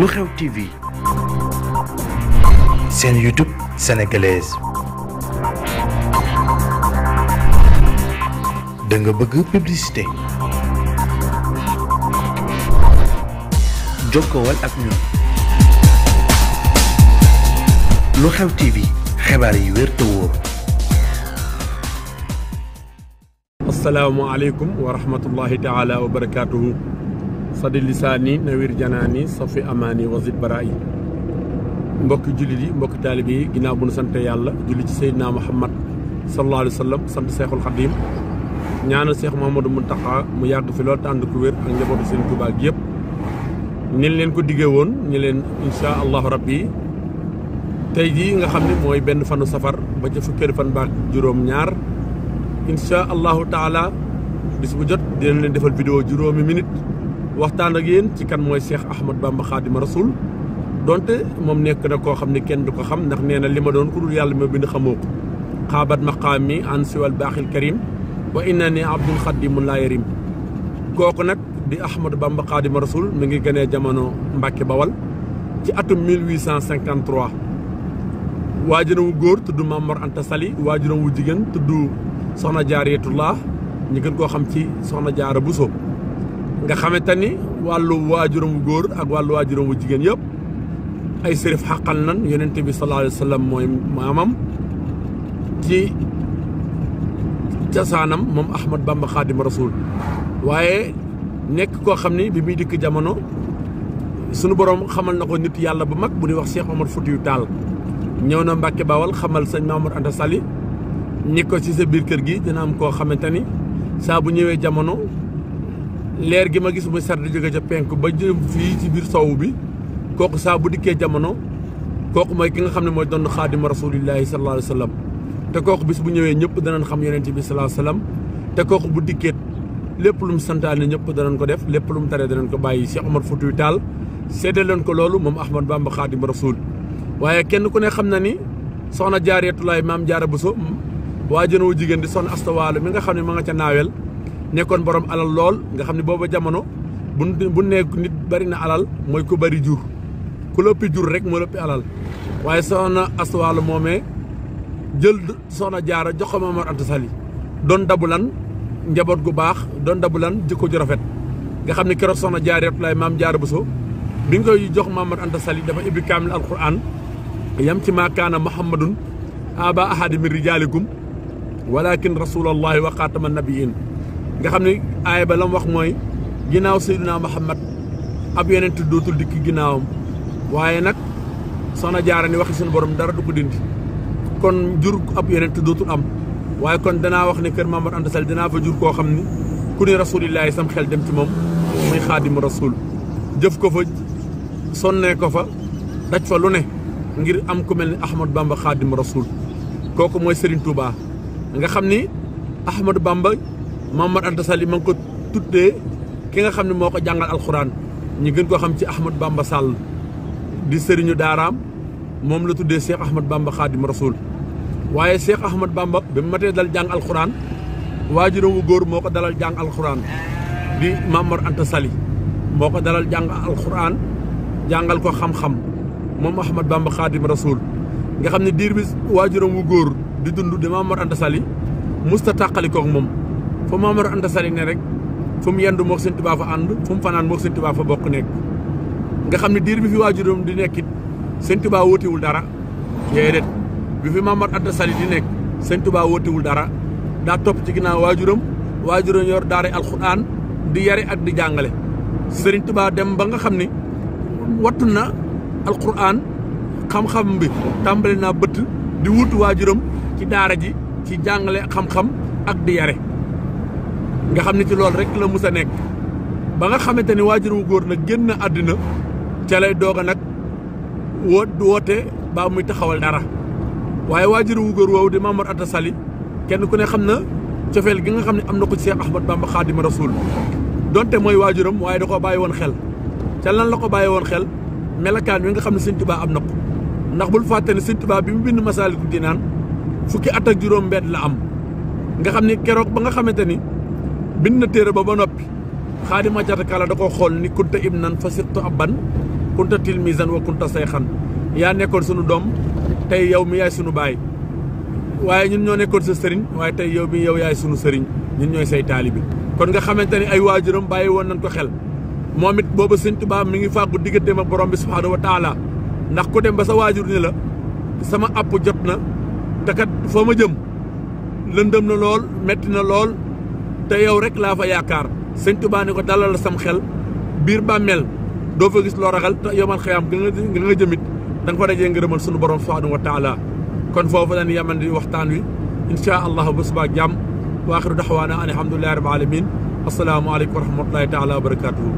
lu xew TV seen YouTube sénégalaise da nga bëgg publicité jokkowal ak ñun lu xew TV xibaar yi wér te wóor. asalaamaaleykum wa rahmatullahi taala wa barakaatuhu. sadi lisaani nawir janaani safi amaani wasit bara yi mbokki jullit yi mbokki taalib yi ginnaaw bu nu sante yàlla julli ci seydina muhammad sallallahu alayhi wa sallam sant seexul xadim ñaanal seex Muhammadu Muntaxa mu yàgg fi lool te ànd ku wér ak njabootu seen Tuubaa gi yëpp ni leen ko diggee woon ñi leen insha allahu rabbi tey jii nga xam ne mooy benn fanu safar ba ca fukkeeri fan baak juróom ñaar insha allahu taala bis bu jot dinañ leen defal vidéo juróomi waxtaan ak yéen ci kan mooy Cheikh Ahmad Bamba Xaadima Rasul donte moom nekk na koo xam ne kenn du ko xam ndax nee na li ma doon ku dul yàlla ma bind xamoo ko xaabat maqaam mi an siwal baaxil karim wa inna ni abdul xadimu laa yarim kooku nag di Ahmadu Bamba Xaadima Rasul mi ngi gënee jamono Mbàkke Bawal ci atum 1853 waajuram wu góor tudd Mamor Anta Sali waajuram wu jigéen tudd Soxna Jaariyatullah ñu gën koo xam ci Soxna Jaara Buso nga xamante ni wàllu waajuram góor ak wàllu waajuram wu jigéen yëpp ay sërif xaqal nan yonent bi sallallahu alayhi wa sallam mooy maamam ci casaanam moom Ahmad Bamba Xaadim Rasul waaye nekk koo xam ni bi muy dikk jamono sunu boroom xamal na ko nit yàlla bu mag bu ñuy wax Cheikh Omar Foutiyou Tall ñëw na Mbàkke Bawal xamal sañ Mamour Anta Sali ni ko ci sa biir kër gi dina am koo xamante ni saa bu ñëwee jamono. leer gi ma gis mu sedd jóge ca penk ba jëm fii ci biir sow bi kooku saa bu dikkee jamono kooku mooy ki nga xam ne mooy doon xaadima rasulillahi sallallahu alayhi wa sallam te kooku bis bu ñëwee ñëpp danañ xam yonent bi sallallahu alayhi wa te kooku bu dikkeet lépp lu mu santaane ñëpp danañ ko def lépp lu mu taree danañ ko bàyyi Cheikh Omar Foutiyou Tall seedee leen ko loolu moom Ahmad Bamba xaadima rasul waaye kenn ku ne xam na ni soxna Jaaratullaay maam jaar Jaara waa jën wu jigéen di soxna Astawaalo mi nga xam ne ma nga ca naawel nekkoon boroom alal lool nga xam ne booba jamono bu bu nekk nit bari na alal mooy ku bari jur ku lëppi jur rek moo lëppi alal waaye soxna Astuwaalu moomee jël soxna jaar jox ko Maam Mor doon dabu lan njaboot gu baax doon dabu lan jëkko ju rafet nga xam ne keroog soxna jaara Yatulaay maam jaara Buso bi nga koy jox Maam Mor Anta Sali dafa ibbi kaamil alquran yam ci maakaana muhammadun aba ahadi min rijaalikum walakin rasulallahi wa na nabiyin nga xam ne aaya ba la mu wax mooy ginnaaw Seydina Muhammad ab yeneen dootul dikk ginnaawam waaye nag soxna jaara ni waxi suñu borom dara du ko dindi kon jur ab yeneen dootul am waaye kon danaa wax ne kër Mamadou Anta Sall dinaa fa jur koo xam ni ku ne rasulillahi sam xel dem ci moom muy xaadimu rasul jëf ko fa sonnee ko fa daj fa lu ne ngir am ku mel ni Ahmadou Bamba xaadimu rasul kooku mooy Serigne Touba nga xam ni Ahmadou bàmba Mamar Anta Sall ma ngi ko tuddee ki nga xam ne moo ko jàngal alxuraan ñu gën koo xam ci Ahmad Bamba Sall di sëriñu daaraam moom la tuddee Cheikh Ahmad Bamba Xaadim Rasul waaye Cheikh Ahmad Bamba ba matee dal jàng alxuraan waajuram wu góor moo ko dalal jàng alxuraan di Mamar Anta moo ko dalal jàng alxuraan jàngal ko xam-xam moom Ahmad Bamba Xaadim Rasul nga xam ne diir bi waajuram wu góor di dund di Mamar Anta Sali musta tàqali moom. fa Maamar Anta Sali ne rek fu mu yendu moog Sëñ fa ànd fu mu fanaan moog Sëñ Tuubaa fa bokk nekk nga xam ne diir bi fi waajuram di nekkit Sëñ Tuubaa wóotiwul dara déedéet bi fi Maamar Anta Sali di nekk Sëñ Tuubaa wóotiwul dara daa topp ci ginnaaw waajuram waajuram yor daara alxuraan di yare ak di jàngale Sëriñ Tuubaa dem ba nga xam ne wattu na alxuraan xam-xam bi tàmbali naa bëtt di wut waajuram ci daara ji ci jàngale xam-xam ak di yare nga xam ne ci loolu rek la mus a nekk ba nga xamante ni waajur wu góor nag génn àddina ca lay doog a nag woo woote baa muy taxawal dara waaye waajur wu góor woowu di Mamour Atta Sali kenn ku ne xam na cofeel gi nga xam ne am na ko ci Cheikh Ahmad Bamba Xaadima Rasul donte mooy waajuram waaye da koo bàyyi woon xel ca lan la ko bàyyi woon xel melakaan wi nga xam ne Sëñ Tuubaa am na ko ndax bul fàtte ne Sëñ bi mu bind Masaalikul naan fukki at ak juróom-benn la am xam ne keroog ba nga xamante ni. bind na téere boobu ba noppi xaadima jatakala da koo xool ni kunta ibnan fa sirtu abban kunta tilmisan wa kunta sayxan yaa nekkoon sunu doom tey yow mi yaay sunu baay waaye ñun ñoo nekkoon sa sëriñ waaye tey yow mi yow yaay sunu sëriñ ñun ñooy say bi kon nga xamante ni ay waajuram bàyyi woon nañ ko xel moom it booba sëñ Tuubaa mi ngi fàggu digganteem ma borom bi subhaanahu wa ndax ku dem ba sa waajur ni la sama app jot na te foo ma jëm lëndëm na lool metti na lool te yow rek laa fa yaakaar sëñ Tuubaa ne ko la sam xel biir bàmmeel doo fa gis loo ragal te yomal xayaam ga nga nga jëmit da nga fa dajee ngërëmal sunu borom subhaanahu wa taala kon foofu lañ yemal di waxtaan wi inchaa allahu ba subaa jàmm wa axiru daxwaana an alhamdulilahi rabbil alamin asalaamaaleykum wa rahmatullahi taala wa barakatuhu